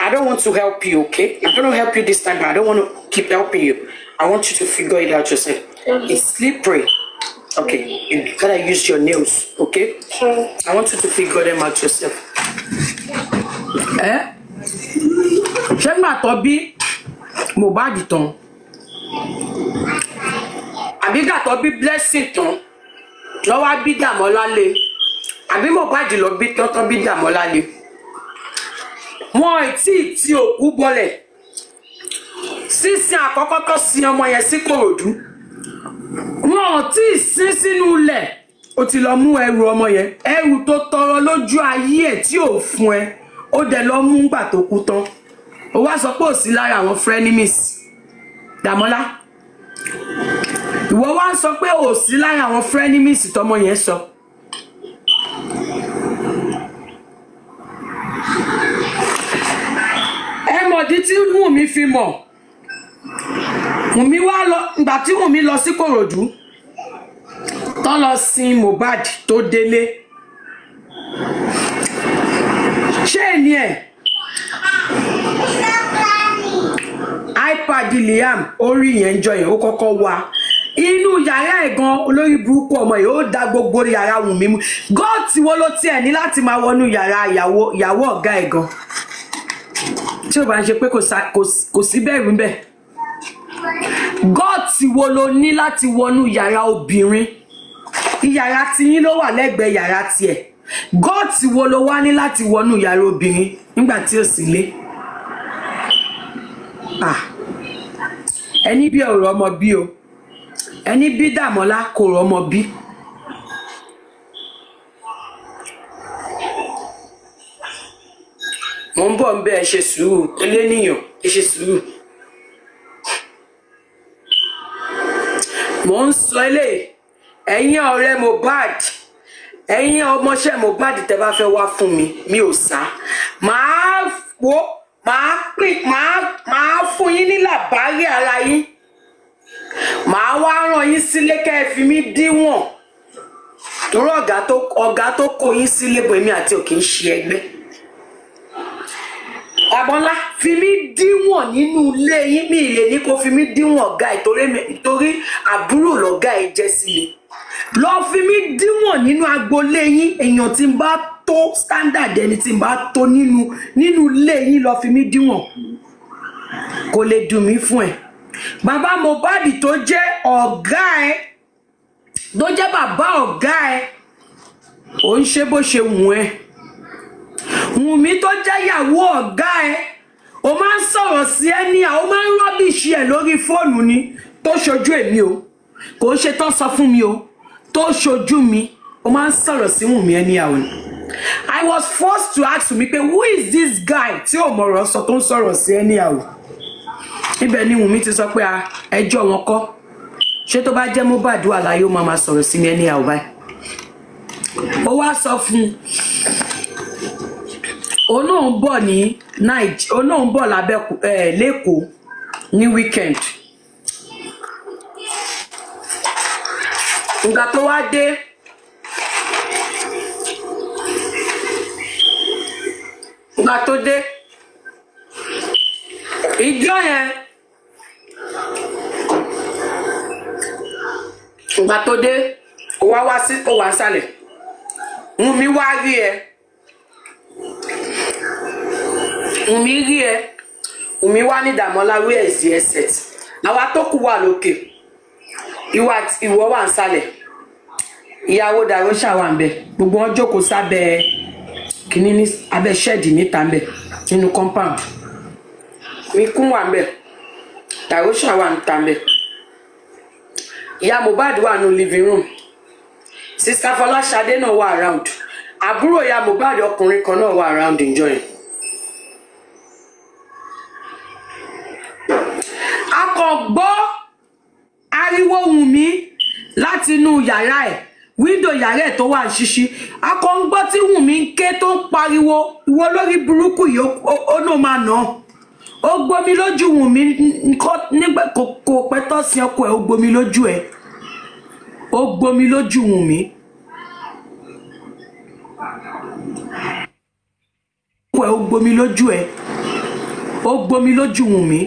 I don't want to help you, okay? I'm gonna help you this time, but I don't want to keep helping you. I want you to figure it out yourself. Okay. It's slippery. Okay, you gotta use your nails, okay? Okay. I want you to figure them out yourself. Eh? Ṣé màá tọ́ Mobile Mohbad àbígbà tó bí blessing tán lọ́wọ́ bí dàmọ́lá lé àbí Mohbad lọ bí tọ́tọ́ bí dàmọ́lá lé wọn tí ì ti òkú bọlẹ̀ sísin àkọ́kọ́ tó sin ọmọ yẹn sí Kòròdú wọn tí ì sin sínú ilẹ̀ o ti lọ mú ẹrù ọmọ yẹn ẹrù tó tọrọ lójú ayé ẹ tí ò fún ẹ ó dẹ̀ lọ mú gbà tó kú tán o wá sọ pé ò sí lára àwọn frenemies damola ìwọ wá ń sọ pé ò sí lára àwọn frenemies tọmọ yẹn sọ. ẹ mọ̀dí tí Wùnmí fi mọ̀ Wùnmí wá lọ ìgbà tí Wùnmí lọ sí Kòròdú tán lọ sin Mohbad tó délé ṣé ènìyàn ipad liam orí yẹn jọ yẹn ó kọ́kọ́ wá inú yàrá ẹ̀ gan olórí burúkú ọmọ yìí ó da gbogbo yàrá wù mí mu góòtì wo ló tiẹ̀ ní láti máa wọnú yàrá ìyàwó ọ̀gá ẹ̀ gan tí ó bá ń ṣe pé kò sí bẹ́ẹ̀rù bẹ́ẹ̀ góòtì wo ló ní láti wọnú yàrá obìnrin yàrá tiyín ló wà lẹ́gbẹ̀ẹ́ yàrá tiẹ̀ góòtì wo ló wá ní láti wọnú yàrá obìnrin nígbà tí ò sí lé. Ah ẹni bí ọ̀rọ̀ ọmọ bí o ẹni bí dàmọ́lá kò rọ ọmọ bí. mo ń bọ̀ ń bẹ́ ẹ ṣe sùúrù eléníyàn ẹ ṣe sùúrù. mo ń sọ eléyìí ẹ̀yin ọ̀rẹ́ Mohbad ẹ̀yin ọmọọṣẹ́ Mohbad tẹ́ bá fẹ́ wá fún mi mi ò sá màá wo màá pín màá màá fún yín ní làbárí ara yín màá wá ràn yín sílé kẹ́ ẹ fi mí díwọ̀n torí ọ̀gá tó ọ̀gá tó kó yín sílé bo èmi àti òkè ń ṣe ẹgbẹ́ àbọ̀nlá fi mí díwọ̀n nínú ilé yín mi ìlè ní kó fi mí díwọ̀n ọ̀gá ẹ̀ torí àbúrò lọ̀gá ẹ̀ jẹ́ sí mi lọ́ọ́ fi mí díwọ̀n nínú agboolé yín èèyàn tí ń bá tó standard ẹni tí n bá tó nínú nínú ilé yín lọ fi mí díwọ̀n kò lè dùn mí fún ẹ bàbá Mohbad tó jẹ́ ọ̀gá ẹ tó jẹ́ bàbá ọ̀gá ẹ ò ń ṣe bó ṣe wù ẹ Wùnmí tó jẹ́ ìyàwó ọ̀gá ẹ o máa ń sọ̀rọ̀ sí ẹ ní àwọn máa ń rọ́bìṣì ẹ lórí fóònù ni tó ṣojú èmi o kò ń ṣe tán sọ fún mi o tó ṣojú mi o máa ń sọ̀rọ̀ sí Wùnmí ẹ ní àwọn. I was forced to ask who is this guy tí o mọ̀rọ̀ sọ tó ń sọ̀rọ̀ sí ẹ ibẹ̀ ni wumi ti sọ pé ah, ẹjọ́ wọn kọ́ ṣé tó bá jẹ́ ó máa ma sọ̀rọ̀ sí mi ẹ báyìí ó wá sọ fún un bọ̀ ní Naij gba tó dé ìjọ yẹn gba tó dé ó wá wá sí ó wá sálẹ̀ Wùnmí wá rí ẹ Wùnmí rí ẹ Wùnmí wá ní Dàmọ́lá where is the asset àwa tó kù wà lókè ìwọ wà ń sálẹ̀ ìyàwó Dàróṣà wà ń bẹ gbogbo wọn jókòó sábẹ́ ẹ kínní ní abẹ́ ṣẹ́ẹ̀dì níta ń bẹ̀ nínú compound mikun wà ń bẹ̀ tàrósà wà ń ta ń bẹ̀ ìyá Mohbad wà nù living room sista Fọláṣadé náà wà round. àbúrò ìyá Mohbad ọkùnrin kan náà wà around ǹjọ́ yẹn. a kò gbọ́ ariwo Wùnmí láti inú yàrá ẹ̀ wíńdò yàrá ẹ̀ tó wà ṣíṣí akọ ń gbọ́ tí Wùnmí ń ké tó ń pariwo ìwọ lórí burúkú yìí ó nù máa nà ó gbomi lójú Wùnmí nígbà kò pẹ́ tọ́ sí ọkọ ẹ̀ ó gbomi lójú ẹ̀ ó gbomi lójú Wùnmí. ó gbomi lójú ẹ̀ ó gbomi lójú Wùnmí.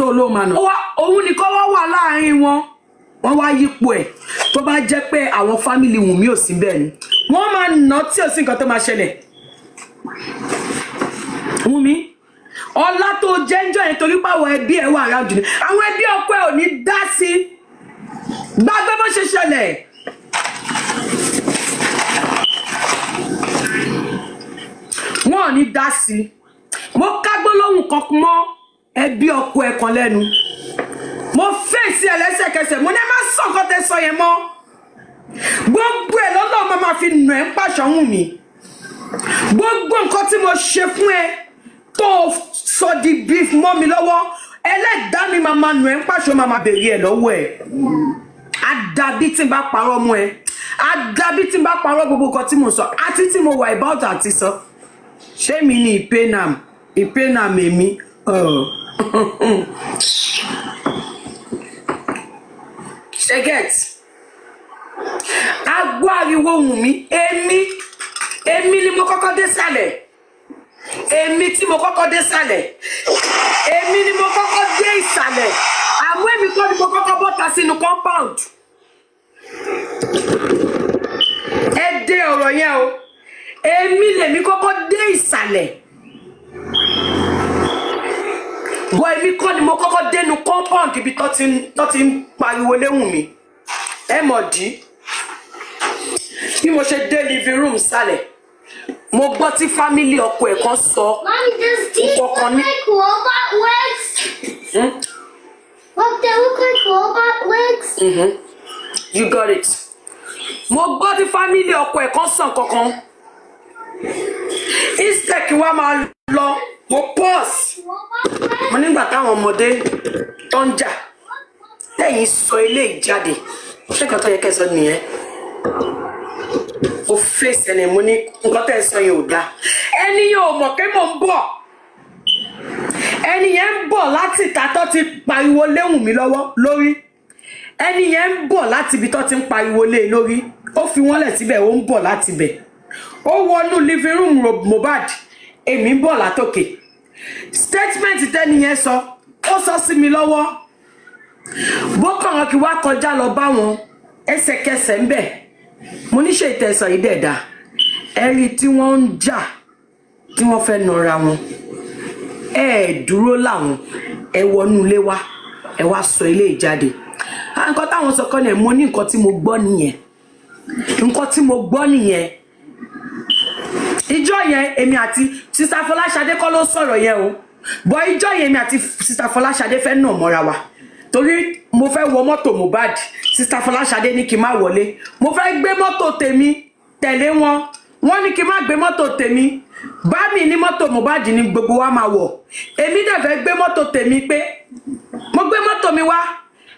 tó ló máa nà òun nìkan wá wà láàrin wọn wọ́n wá yípo ẹ̀ tó bá jẹ́ pé àwọn fámìlì Wùnmí ò sí bẹ́ẹ̀ ni wọ́n máa nà tí ò sí nǹkan tó máa ṣẹlẹ̀ Wùnmí ọlá tó jẹ́ ń jọ yẹn torí pàwọ̀ ẹbí ẹ̀ wà ráàjù ni àwọn ẹbí ọkọ ẹ̀ ò ní dá sí gbàgbé bó ṣe ṣẹlẹ̀. wọn ò ní dá sí mo ká gbólóhùn kankan mọ́ ẹbí ọkọ ẹ kan lẹ́nu mo fèsì ẹ lẹ́sẹ̀kẹsẹ̀ mo ní ẹ má sọ̀kọ́ tẹ sọ yẹn mọ́ gbogbo ẹ lọ́lọ́ mo máa fi nù ẹ́ ń pàṣọ wù mí gbogbo nǹkan tí mo ṣe fún ẹ tó sọ di beef mọ́ mi lọ́wọ́ ẹlẹ́dàá mi máa máa nù ẹ́ ń pàṣọ máa máa bèrè ẹ lọ́wọ́ ẹ àdàbí tí n bá parọ́ mọ́ ẹ àdàbí tí n bá parọ́ gbogbo nǹkan tí mo sọ àti tí mo wà about àti sọ ṣé mi ni ìpénàm ìpénàm èmi ṣẹgẹt agbó ariwo wù mí èmi èmi ni mo kọ́kọ́ dé sàlẹ̀ èmi tí mo kọ́kọ́ dé sàlẹ̀ èmi ni mo kọ́kọ́ dé ìsàlẹ̀ àmọ́ èmi kọ́ ni mo kọ́kọ́ bọ́ta sínú compound ẹ dé ọ̀rọ̀ yẹn o èmi lèmi kọ́kọ́ dé ìsàlẹ̀ wọ èmi kọ́ ni mo kọ́kọ́ dénú compound ibi tó ti ń pariwo léhùn mi ẹ mọ̀ dí bí mo ṣe dé living room sálẹ̀ mo gbọ́ tí fámílì ọkọ ẹ̀ kan sọ ìkọ̀kan ní. What they look like robot legs? mm mm-hmm. You got it. Mo gbọ́ tí fámílì ọkọ ẹ̀ kan sàn kankan. Instead kí wọ́n máa lọ mo pause mo nígbà táwọn ọmọdé tó ń jà tẹ̀yìn sọ ilé ìjáde ṣẹ́kàn tó yẹ kẹ́ sọ nìyẹn mo fèsì ẹni mo ní nǹkan tẹ̀ sọ yẹn ò dáa ẹni yẹn ò mọ̀ pé mò ń bọ̀ ẹni yẹn ń bọ̀ láti ìta tó ti pariwo léhùn mi lọ́wọ́ lórí ẹni yẹn ń bọ̀ láti ibi tó ti ń pariwo lé e lórí ó fi wọ́n lẹ̀ síbẹ̀ ó ń bọ̀ láti bẹ̀ ó wọnú living room Mohbad èmi ń bọ̀ látòkè statement tẹ́niyẹn sọ ó sọ sí mi lọ́wọ́ bókànrán kí wá kọjá lọ bá wọn ẹsẹ̀kẹsẹ̀ ń bẹ̀ mo níṣe ìtẹ̀sán yìí dẹ̀dá ẹ̀rí tí wọ́n ń jà tí wọ́n fẹ́ nọra wọn ẹ̀ dúró láwọn ẹ wọnú ilé wa ẹ wá sọ ilé ìjáde nǹkan táwọn sọ kọ́ ẹ̀ mo ní nǹkan tí mo gbọ́ nìyẹn nǹkan tí mo gbọ́ nìyẹn ìjọ yẹn èmi àti sista Fọláṣadé kọ́ ló sọ̀rọ̀ yẹn o bọ ìjọ yẹn èmi àti sista Fọláṣadé fẹ́ nà mọ́ra wa torí mo fẹ́ wọ mọ́tò Mohbad sista Fọláṣadé ní kí n má wọlé mo fẹ́ gbé mọ́tò tèmi tẹ̀lé wọn wọ́n ní kí n má gbé mọ́tò tèmi bá mi ní mọ́tò Mohbad ní gbogbo wa máa wọ̀ èmi dẹ̀ fẹ́ gbé mọ́tò tèmi pé mo gbé mọ́tò mi wá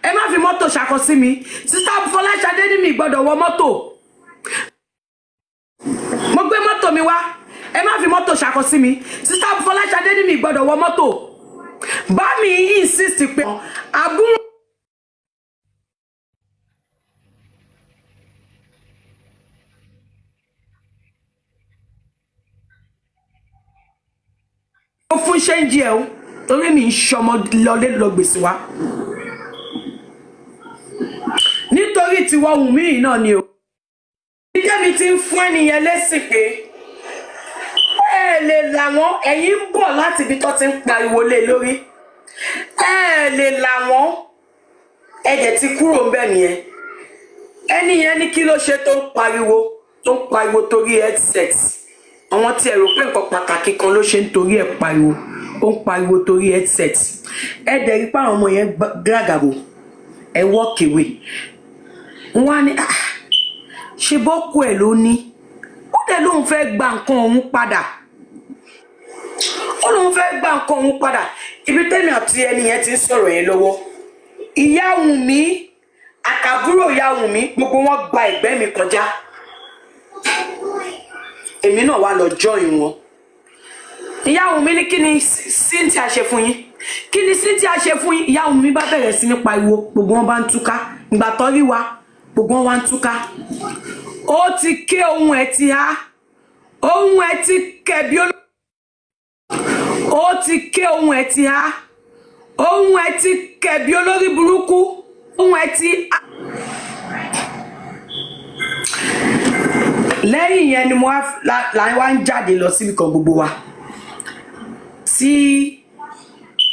ẹ má fi mọ́tò ṣàkọsí mi sista Fọláṣadé ní mi gbọ́dọ̀ wọ mọ́tò gbé mọ́tò mi wá ẹ má fi mọ́tò ṣàkọ sí mi sísá Fọláṣadé ní mi gbọ́dọ̀ wọ mọ́tò bá mi insist pé àbúrò. ó fún ṣẹ́ńjì ẹ̀ o torí mi ń ṣọmọ lọlé lọ gbèsè wa nítorí tiwọn wù mí náà ni o tẹ́mi ti ń fún ẹnìyẹn lẹ́sìn pé ẹ lè làwọn ẹ̀yin ń bọ̀ láti ibi tó ti ń pariwo lé lórí ẹ lè làwọn ẹ̀jẹ̀ ti kúrò ń bẹ̀ nìyẹn ẹnìyẹn ní kí ló ṣe tó ń pariwo tó ń pariwo torí headset àwọn tí ẹ rò pé nǹkan pàtàkì kan ló ṣe ń torí ẹ pariwo ó ń pariwo torí headset ẹ dẹ̀ rí pé àwọn ọmọ yẹn gàgàbò ẹ walk away wọ́n á ní ah, ṣe bọ́kú ẹ̀ ló ní ó dẹ̀ lóun fẹ́ gba nǹkan òun padà ó lóun fẹ́ gba nǹkan òun padà ibi tẹ́mi àti ẹni yẹn ti ń sọ̀rọ̀ yẹn lọ́wọ́ ìyá Wùnmí àkàbúrò ìyá Wùnmí gbogbo wọn gba ẹ̀gbẹ́ mi kọjá èmi náà wà lọ join wọn ìyá Wùnmí ní kí ni Cynthia ṣe fún yín kí ni Cynthia ṣe fún yín ìyá Wùnmí bá bẹ̀rẹ̀ sí ní pariwo gbogbo wọn bá ń túká ìgbà tó wa gbogbo wọn wá ń túká ó ti ké ohun ẹ̀ ti há ohun ẹ̀ ti kẹ̀ bí olóògbé ó ti ké ohun ẹ̀ ti há ohun ẹ̀ ti kẹ̀ bí olórí burúkú ohun ẹ̀ ti há. lẹ́yìn yẹn ni mo la wá ń jáde lọ síbi kan gbogbo wa tí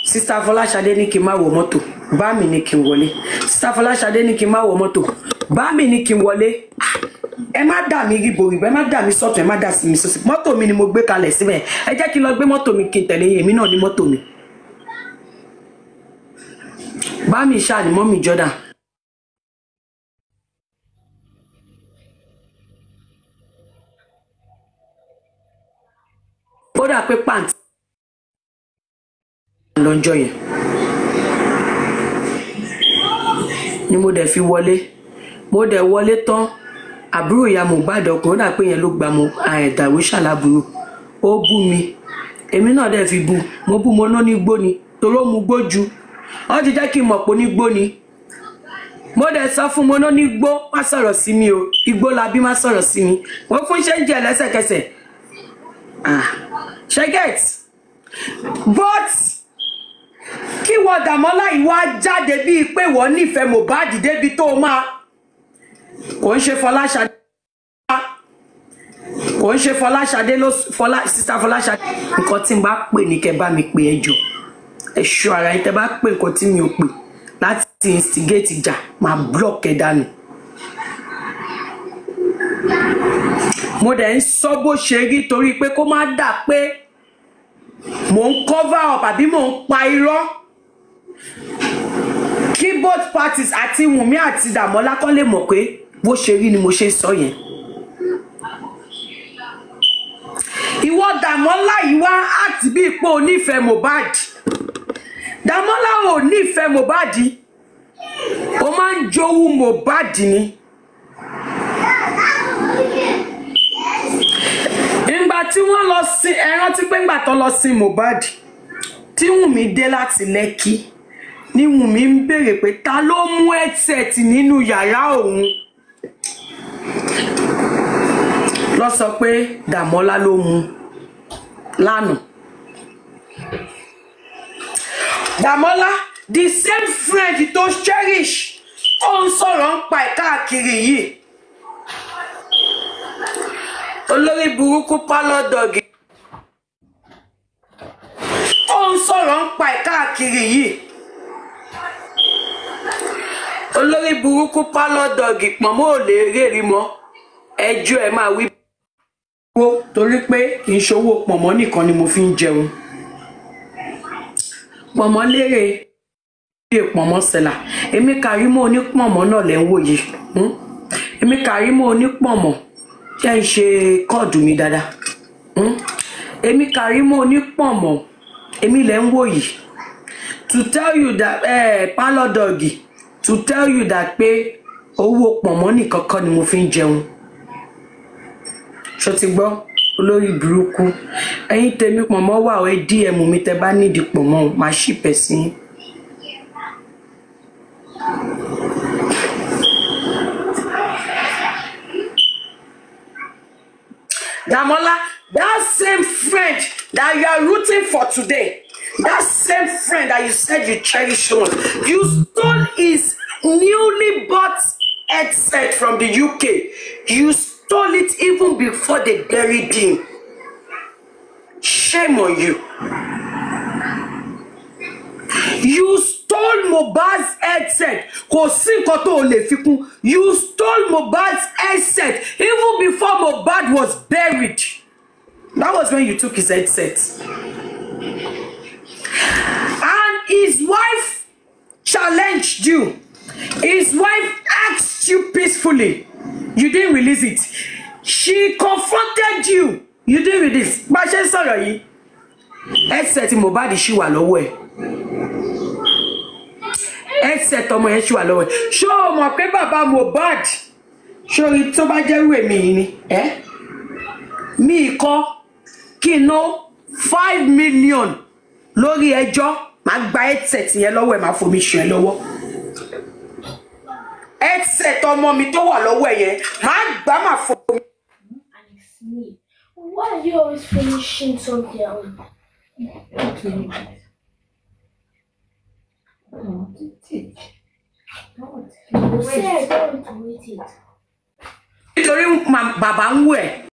sista Fọláṣadé ní kí n má wọ mọ́tò bá mi ní kí n wọlé sista Fọláṣadé ní kí n má wọ mọ́tò Baami mi ni kin wole e ma da mi ri bori be ma da mi soto e ma da si mi so si moto mi ni mo gbe kale sibe e je ki lo gbe moto mi kin tele yin mi na ni moto mi ba mi sha ni mommy jordan Oda pe pant lo njo yen ni mo de fi wole mo dẹ̀ wọlé tán àbúrò ìyá Mohbad ọkùnrin dà pé yẹn ló gba mo àìdàwé ṣàlàbúrò ó bú mi èmi náà dẹ̀ fi bú mo bú mo ná ní gbóni torí ó mu gbó ju wọ́n ti jẹ́ kí n mọ̀ pé ó ní gbóni mo dẹ̀ sọ fún mo ná ní gbó má sọ̀rọ̀ sí mi o igbó labí má sọ̀rọ̀ sí mi wọ́n fún ṣẹ́ńjì ẹ̀ lẹ́sẹ̀kẹsẹ̀ ah, ṣẹ́gẹ̀t but kí wọ́n dàmọ́lá ìwà jáde bíi pé wọ́n nífẹ̀ẹ́ Mohbad débi tó máa kò ń ṣe Fọláṣadé kò ń ṣe Fọláṣadé ló fọlá sísá Fọláṣadé nǹkan tí n bá pè ní kẹ́ bá mi pè ẹ jọ ẹ ṣọ́ ara yín tẹ́ bá pè nǹkan tí mi ò pè láti instigate ìjà máa block ẹ dànù. mo dẹ̀ ń sọ bó ṣe rí torí pé kó má dà pé mò ń cover up àbí mò ń pa irọ́ kí both parties àti Wùnmí àti Dàmọ́lá kọ́ lè mọ̀ pé bó ṣe rí ni mo ṣe sọ yẹn ìwọ Dàmọ́lá ìwà àti bí ipò onífẹ̀ẹ́ Mohbad Dàmọ́lá ò nífẹ̀ẹ́ Mohbad ó máa ń jowú Mohbad ni ìgbà tí wọ́n lọ sin ẹ rántí pé ńgbà tó lọ sin Mohbad tí Wùnmí dé láti Lẹ́kì ni Wùnmí ń béèrè pé ta ló mú headset nínú yàrá òun. lọ sọ pé dàmọ́lá ló mu lánàá dàmọ́lá the same friend tó cherish ó ń sọ̀rọ̀ ń pa ìkáàkiri yìí olórí burúkú pálọ́dọ̀gì ó ń sọ̀rọ̀ ń pa ìkáàkiri yìí olórí burúkú pálọ́dọ̀gì pọ̀ mọ́ ò lè rèrè mọ́ ẹjọ́ ẹ máa wí owó torí pé kì í ṣowó pọ̀nmọ́ nìkan ni mo fi ń jẹun pọ̀nmọ́ lérè lè pọ̀nmọ́ sẹ̀là èmi Karimo onípọ̀nmọ́ náà lẹ́ ń wò yìí èmi Karimo onípọ̀nmọ́ jẹ́ ń ṣe kọ́ọ̀dù mi dáadáa èmi Karimo onípọ̀nmọ́ èmi lẹ́ ń wò yìí to tell you that eh, pálọ̀dọ̀gì to tell you that pé owó pọ̀nmọ́ nìkan kọ́ ni mo fi ń jẹun ṣó ti gbọ́ olórí burúkú ẹ̀yin tèmi pọ̀nmọ́ wà ó dm mi tẹ bá nídìí pọ̀nmọ́ máa ṣì pẹ̀ sí i. Damola, that same friend that you are rooting for today, that same friend that you said you cherish on, you stole his newly bought headset from the UK. You stole it even before they buried him. Shame on you. You stole Mohbad's headset. Kò sí nǹkan You stole Mohbad's headset even before Mohbad was buried. That was when you took his headset. And his wife challenged you. His wife asked you peacefully. You didn't release it. She confronted you. You didn't release. Bá a ṣe ń sọ̀rọ̀ yìí. Headset Mohbad ṣì wà lọ́wọ́ ẹ̀. Headset ọmọ yẹn ṣì wà lọ́wọ́ ẹ̀. Ṣé o mọ̀ pé bàbá Mohbad ṣé orí tó bá jẹ́ rú èmi yìí ni? Ẹ́ mi kọ́ kí n ná five million lórí ẹjọ́ màá gba headset yẹn lọ́wọ́ ẹ̀ màá fomi ṣàn ẹ́ lọ́wọ́ headset ọmọ mi tó wà lọ́wọ́ ẹ̀ yẹn máa gbá máa fọ mi. Why are you always finishing something out? No, it. No, it. Say I don't do it. Nítorí bàbá ń wẹ̀.